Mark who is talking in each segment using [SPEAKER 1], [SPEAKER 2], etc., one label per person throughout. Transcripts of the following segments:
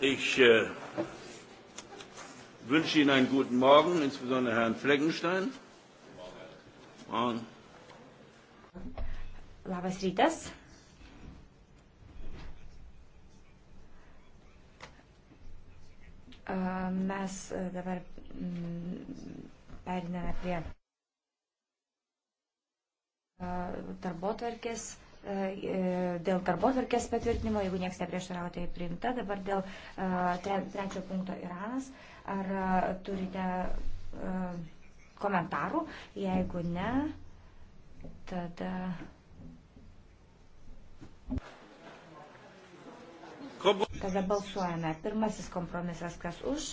[SPEAKER 1] Ich äh, wünsche Ihnen einen guten Morgen, insbesondere Herrn Fleckenstein. Morgen.
[SPEAKER 2] Labas rytas. Äh, mes äh, dabar mm, periname prie äh, darbo tvarkės. E, dėl darbotvarkės patvirtinimo, jeigu niekas neprieštaravo, tai priimta. Dabar dėl e, trečio punkto Iranas. Ar e, turite komentarų? Jeigu ne, tada. Tada balsuojame. Pirmasis kompromisas, kas už?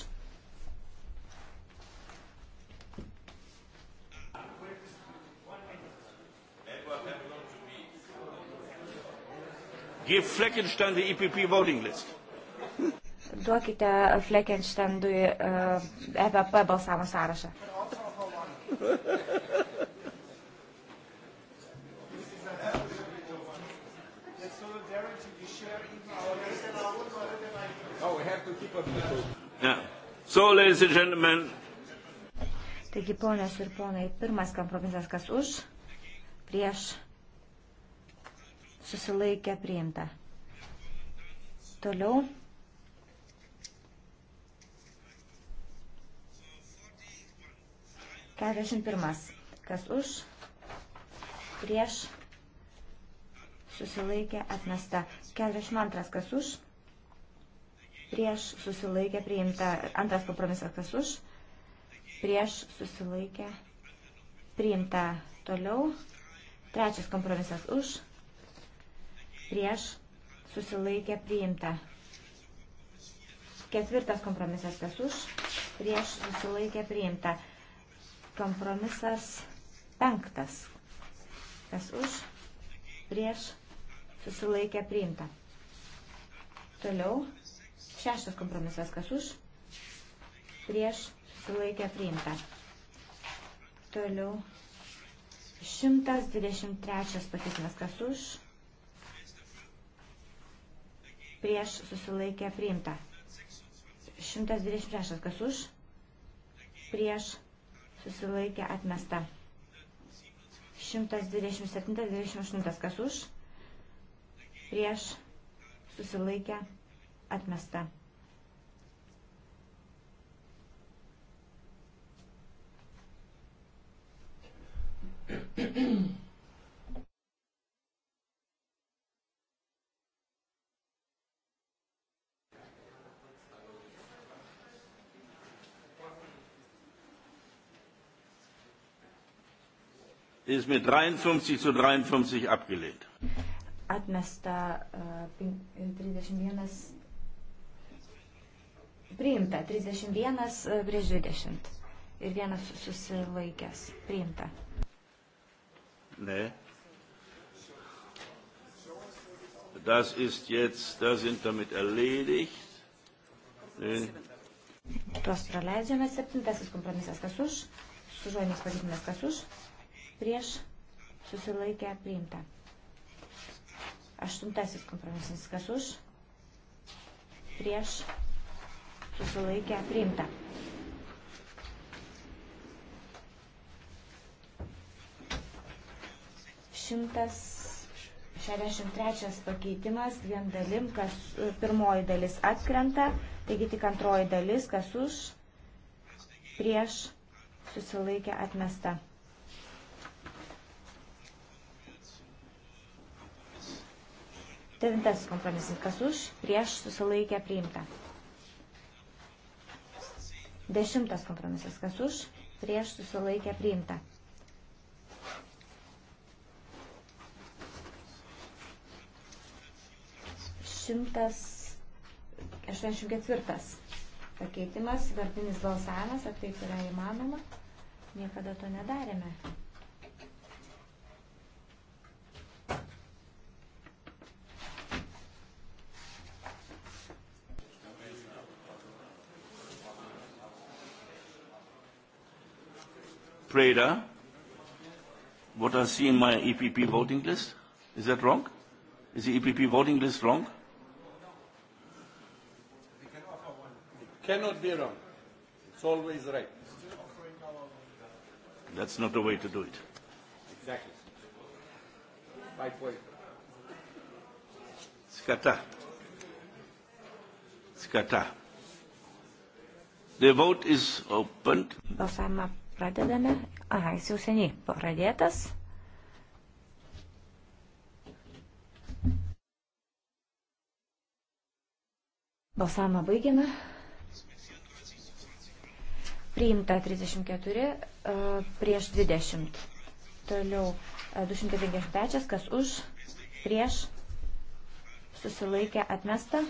[SPEAKER 1] Give Fleckenstein the EPP voting list.
[SPEAKER 2] Duokite Fleckensteinui uh, e, EPP balsavimo sąrašą.
[SPEAKER 1] Oh, yeah. So, ladies and gentlemen.
[SPEAKER 2] Taigi, ponios ir ponai, pirmas kompromisas, kas už, prieš susilaikė priimta. Toliau. Keturiasdešimt pirmas. Kas už, prieš, susilaikė atmesta. Keturiasdešimt antras. Kas už, prieš, susilaikė priimta. Antras kompromisas. Kas už, prieš, susilaikė priimta. Toliau. Trečias kompromisas už prieš, susilaikė priimta. Ketvirtas kompromisas, kas už, prieš, susilaikė priimta. Kompromisas penktas, kas už, prieš, susilaikė priimta. Toliau, šeštas kompromisas, kas už, prieš, susilaikė priimta. Toliau, 123 pakeitimas, kas už, prieš susilaikė priimta. 126 kas už, prieš susilaikė atmesta. 127-28 kas už, prieš susilaikė atmesta.
[SPEAKER 1] ist mit 53 zu 53 abgelehnt.
[SPEAKER 2] Atmesta uh, äh, 31. Äh, priimta 31 äh, prieš 20. Ir vienas susilaikęs. Priimta.
[SPEAKER 1] Ne. Das ist jetzt, das sind damit erledigt. Ne.
[SPEAKER 2] Tos praleidžiame. Septintasis kompromisas kas už. Sužuojimas padidinęs kas už prieš susilaikę priimta. Aštuntasis kompromisinis kas už, prieš susilaikę priimta. Šimtas 63 pakeitimas dviem dalim, kas pirmoji dalis atkrenta, taigi tik antroji dalis, kas už, prieš, susilaikę atmesta. Devintasis kompromisas. Kas už, prieš, susilaikė, priimta. Dešimtas kompromisas. Kas už, prieš, susilaikė, priimta. Šimtas 84 pakeitimas, vardinis balsavimas, ar taip yra įmanoma. Niekada to nedarėme.
[SPEAKER 1] Preda, what I see in my EPP voting list. Is that wrong? Is the EPP voting list wrong? It cannot be wrong. It's always right. That's not the way to do it. Exactly. My point. Σκατά. Σκατά. The vote is opened.
[SPEAKER 2] Balsavimą pradedame. Aha, jis jau seniai pradėtas. Balsavimą baigiame. Priimta 34 e, prieš 20. Toliau 253, e, kas už, prieš, susilaikė atmesta.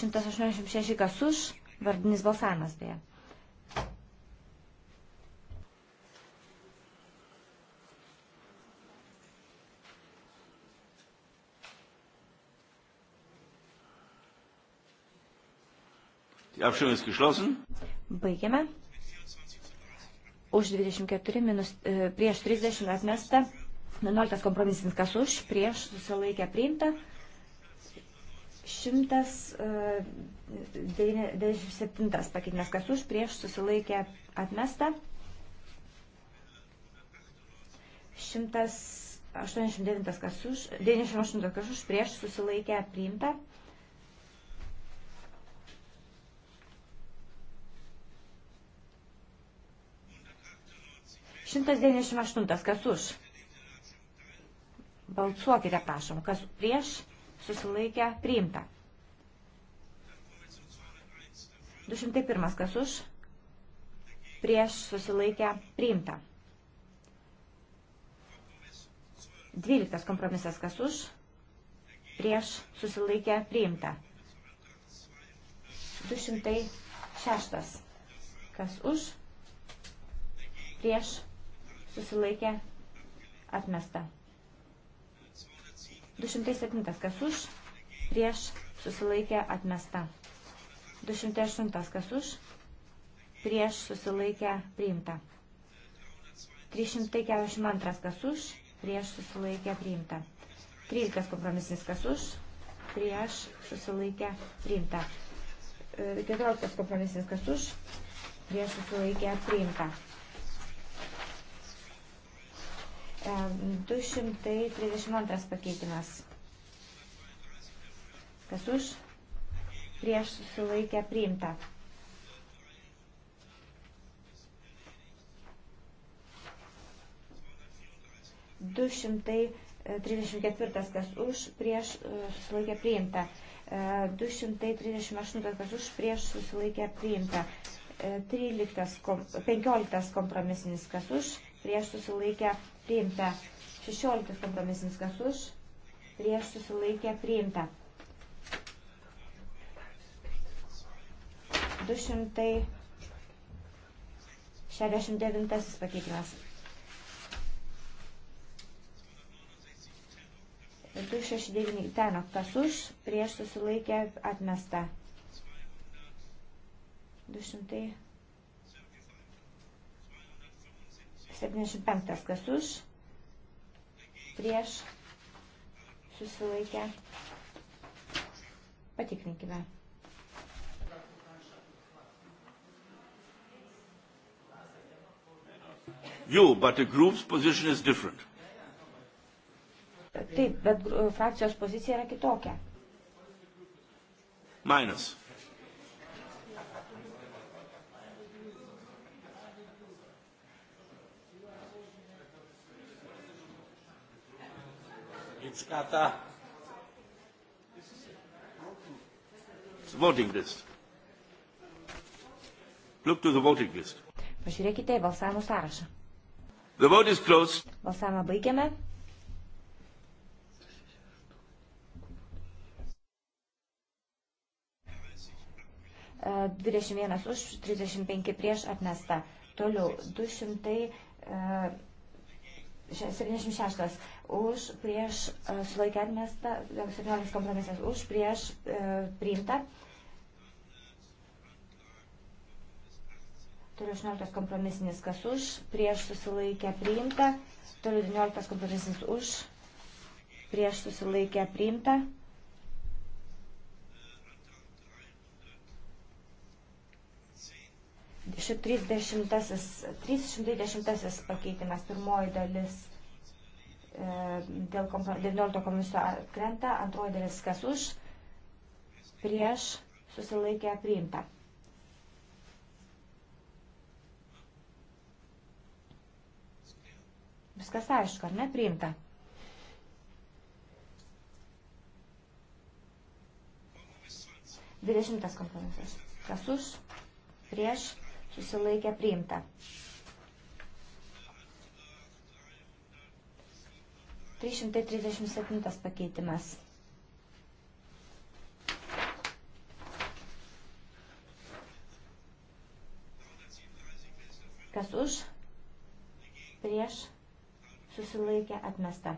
[SPEAKER 2] 186, kas už, vardinis balsavimas beje.
[SPEAKER 1] Die Abstimmung ist geschlossen.
[SPEAKER 2] Baigiame. Už 24 minus, e, prieš 30 atmesta. 11 kompromisinis kas už, prieš susilaikę priimta. 197 e, pakeitimas kas už, prieš susilaikę atmesta. 189 kas už, 98 kas už, prieš susilaikę priimta. 198. Kas už? Balsuokite, prašom. Kas prieš? Susilaikę priimta. 201. Kas už? Prieš susilaikę priimta. 12. Kompromisas. Kas už? Prieš susilaikę priimta. 206. Kas už? Prieš susilaikė atmesta. 207 kas už, prieš susilaikė atmesta. 208 kas už, prieš susilaikė priimta. 342 kas už, prieš susilaikė priimta. 13 kompromisinis kas už, prieš susilaikė priimta. 14 kompromisinis kas už, prieš susilaikė priimta. 232 pakeitimas. Kas už? Prieš susilaikę priimta. Du šimtai trisdešimt ketvirtas kas už, prieš e, susilaikę priimta. E, du šimtai trisdešimt aštuntas kas už, prieš susilaikę priimta. 13, e, 15 kompromisinis kas už, prieš susilaikę priimta. 16 kompromisinis kas už, prieš susilaikė priimta. 269 pakeitimas. 269 ten kas už, prieš susilaikė atmesta. 200. 75. Kas už? Prieš. Susilaikę. Patikrinkime.
[SPEAKER 1] You, but the group's position is different.
[SPEAKER 2] Taip, bet frakcijos pozicija yra kitokia.
[SPEAKER 1] Minus. Κατά. Voting list. Look to the voting list.
[SPEAKER 2] Pažiūrėkite į balsavimo sąrašą.
[SPEAKER 1] The vote is closed.
[SPEAKER 2] Balsavimą baigiame. Uh, e, 21 už, 35 prieš atmesta. Toliau 200. Uh, 76 už prieš sulaikę atmestą, 17 kompromisas už prieš e, priimtą. Toliau 18 kompromisinis kas už, prieš susilaikę priimta. Toliau 19 kompromisinis už, prieš susilaikę priimta. 310 pakeitimas, pirmoji dalis e, dėl 19 komisijos atkrenta, antroji dalis kas už, prieš susilaikė priimta. Viskas aišku, ar ne, priimta. Dvidešimtas kompromisas. Kas už, prieš, susilaikė priimta. Trys šimtai trisdešimt septintas pakeitimas. Kas už, prieš, susilaikė atmesta.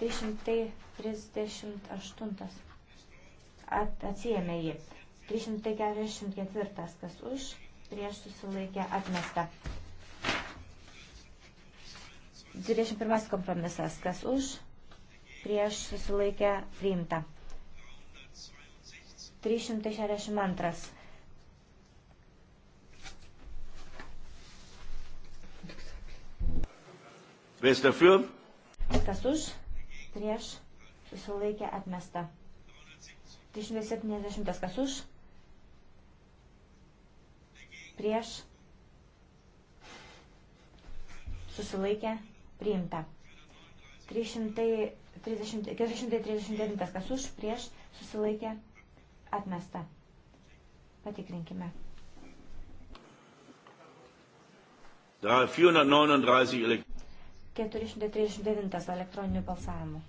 [SPEAKER 2] 338 atsijėmė jį. 344, kas už, prieš susilaikė atmesta. 21 kompromisas, kas už, prieš susilaikė priimta. 362.
[SPEAKER 1] Wer ist dafür?
[SPEAKER 2] Kas už, prieš susilaikė atmesta. 370, kas už, prieš, susilaikė, priimta. 439 kas už, prieš, susilaikė, atmesta. Patikrinkime.
[SPEAKER 1] 439
[SPEAKER 2] elektroninių balsavimų.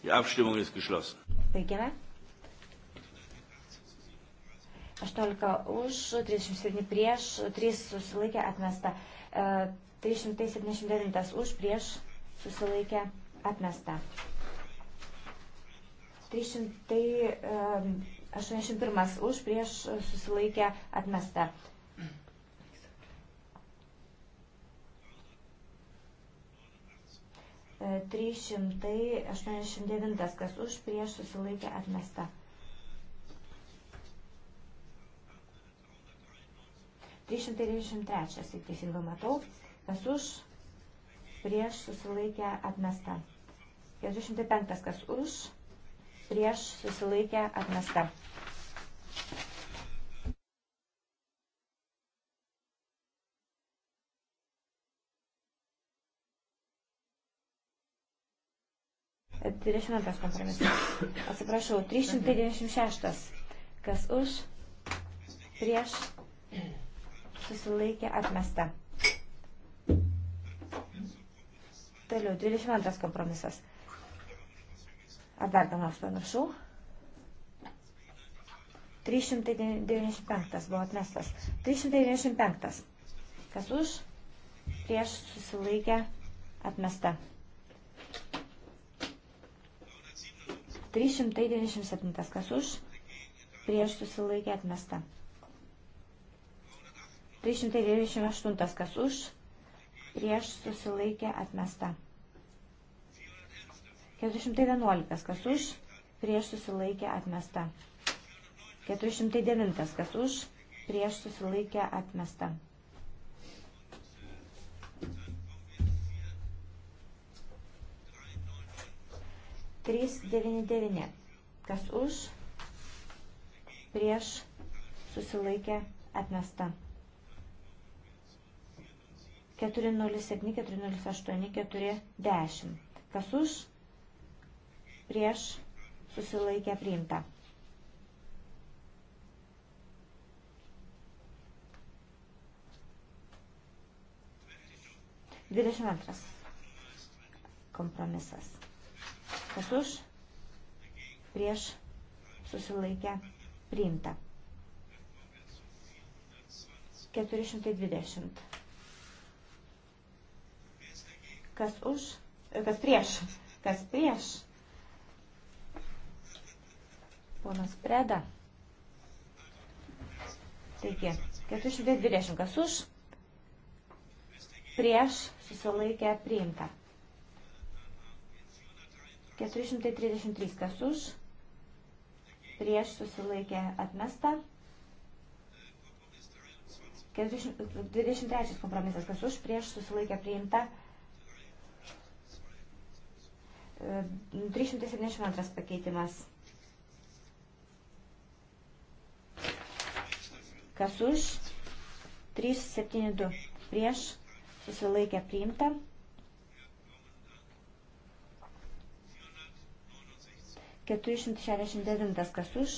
[SPEAKER 1] Die Abstimmung ist geschlossen.
[SPEAKER 2] Baigiame. 18 už, 37 prieš, 3 susilaikė atmesta. 379 e, už, prieš susilaikė atmesta. 381 e, už, prieš susilaikė atmesta. 389 e, kas už, prieš susilaikė atmesta. 393, kaip teisingai matau, kas už, prieš susilaikę atmesta. 405, kas už, prieš susilaikę atmesta. E, 300 kompromisas. Atsiprašau, 396. Kas už, prieš susilaikė atmesta. Toliau, 22 kompromisas. Ar dar ką nors pamiršau? 395 buvo atmestas. 395. Kas už? Prieš susilaikę atmesta. 397. Kas už? Prieš susilaikę atmesta. 398 kas už, prieš susilaikė atmesta. 411 kas už, prieš susilaikė atmesta. 409 kas už, prieš susilaikė atmesta. Trys devyni devyni. Kas už, prieš susilaikė atmesta. 407, 408, 410. Kas už, prieš, susilaikę priimta. Dvidešimt antras kompromisas. Kas už, prieš, susilaikę priimta. 420. kas už, kas prieš, kas prieš. Ponas Preda. Taigi, 420 kas už, prieš susilaikę priimta. 433 kas už, prieš susilaikę atmesta. 23 kompromisas kas už, prieš susilaikę priimta. 372 pakeitimas. Kas už? 372. Prieš susilaikę priimta. 469. Kas už?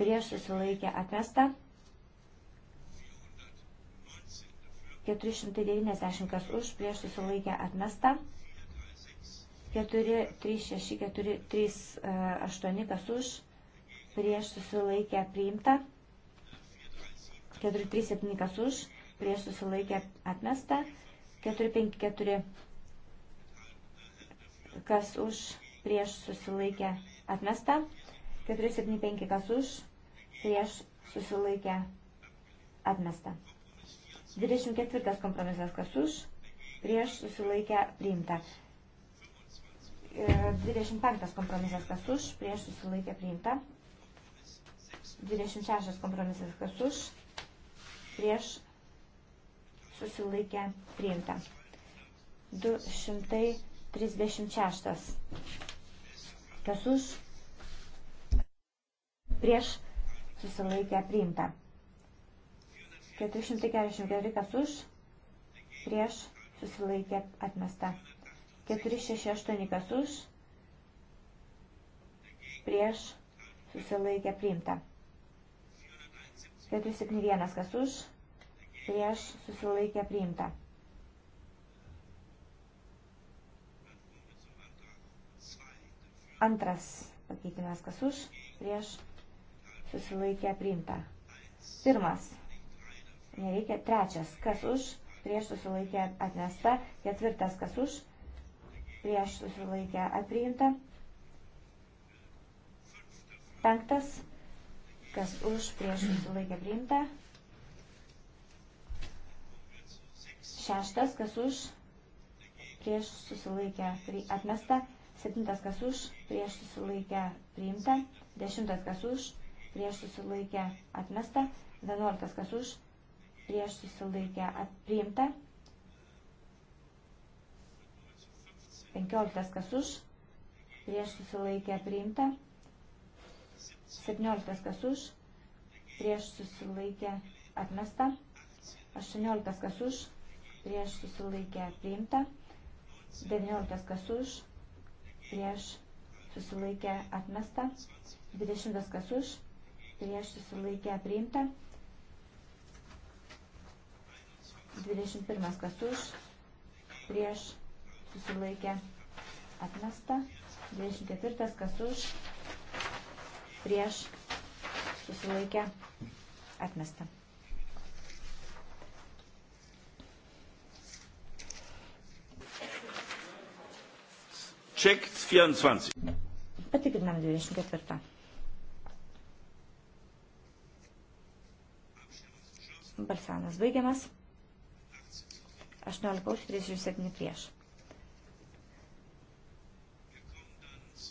[SPEAKER 2] Prieš susilaikę atmesta. 490 kas už, prieš susilaikę atmesta. 4, 3, 6, 4, 3, 8 kas už, prieš susilaikę priimta. 4, 3, 7 kas už, prieš susilaikę atmesta. 4, 5, 4 kas už, prieš susilaikę atmesta. 4, 7, 5 kas už, prieš susilaikę atmesta. 24 kompromisas kas už, prieš susilaikę priimta. Ir 25 kompromisas kas už, prieš susilaikę priimta. 26 kompromisas kas už, prieš susilaikę priimta. 236 kas už, prieš susilaikę priimta. 444 kas už, prieš, susilaikė, atmesta. 468 kas už, prieš, susilaikė, priimta. 471 kas už, prieš, susilaikė, priimta. Antras pakeitimas kas už, prieš, susilaikė, priimta. Pirmas nereikia. Trečias, kas už, prieš susilaikė atmesta. Ketvirtas, kas už, prieš susilaikė atpriimta. Penktas, kas už, prieš susilaikė priimta. Šeštas, kas už, prieš susilaikę atmesta, septintas kas už, prieš susilaikę priimta, dešimtas kas už, prieš susilaikę atmesta, vienuoliktas kas už, prieš susilaikę priimta. 15 kas už, prieš susilaikę priimta. 17 kas už, prieš susilaikę atmesta. 18 kas už, prieš susilaikę priimta. 19 kas už, prieš susilaikę atmesta. 20 kas už, prieš susilaikę priimta. 21 kas už, prieš susilaikė atmesta, 24 kas už, prieš susilaikė atmesta. Check
[SPEAKER 1] 24.
[SPEAKER 2] Patikrinam 24. Balsanas baigiamas. 18 už 37 prieš.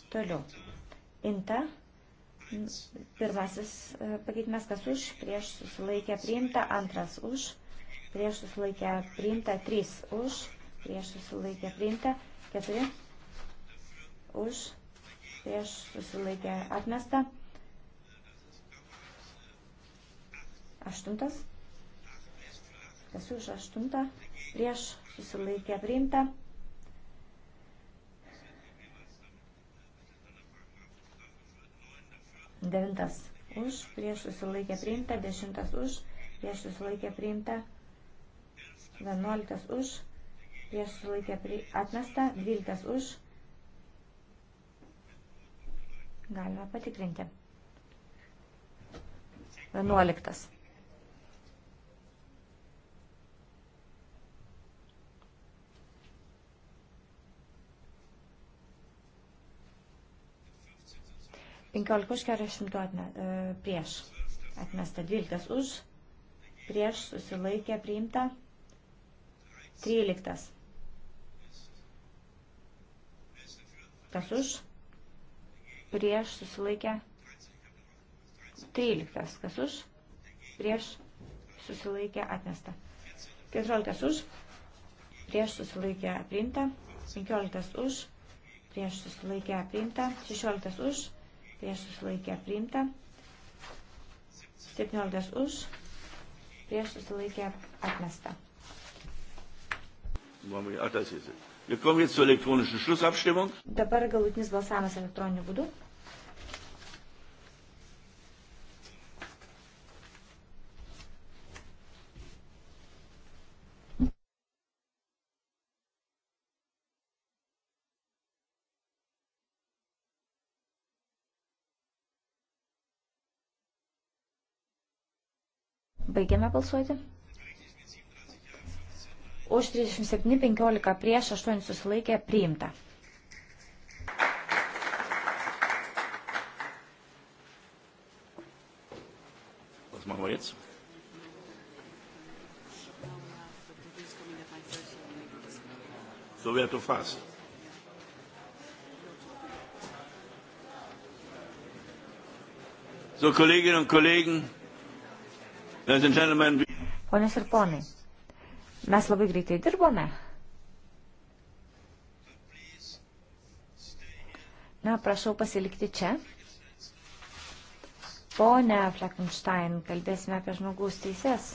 [SPEAKER 2] Toliau. Inta. Pirmasis e, pakeitimas, kas už, prieš susilaikę priimta, antras už, prieš susilaikę priimta, trys už, prieš susilaikę priimta, keturi už, prieš susilaikę atmestą, aštuntas kas už aštuntą, prieš susilaikė priimta. Devintas už, prieš susilaikė priimta, dešimtas už, prieš susilaikė priimta, vienuoliktas už, prieš susilaikė pri... atmesta, dvyliktas už. Galima patikrinti. Vienuoliktas. 15 už 40 atme, e, prieš atmesta, 12 už, prieš susilaikė priimta, 13. Kas už, prieš susilaikė 13. Kas už, prieš susilaikė atmesta. 14 už, prieš susilaikė priimta, 15 už, prieš susilaikė priimta, 16 už, prieš susilaikę priimta, 17 už, prieš susilaikę atmesta. Dabar galutinis balsavimas elektroniniu būdu. Baigiame balsuoti. Už 37.15 prieš 8 susilaikė priimta.
[SPEAKER 1] Was machen wir jetzt? So wäre du fast. So, Kolleginnen und Kollegen, Ponios
[SPEAKER 2] ir ponai, mes labai greitai dirbome. Na, prašau pasilikti čia. Pone Fleckenstein, kalbėsime apie žmogaus teises.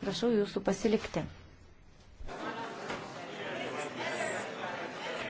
[SPEAKER 2] Prašau jūsų pasilikti.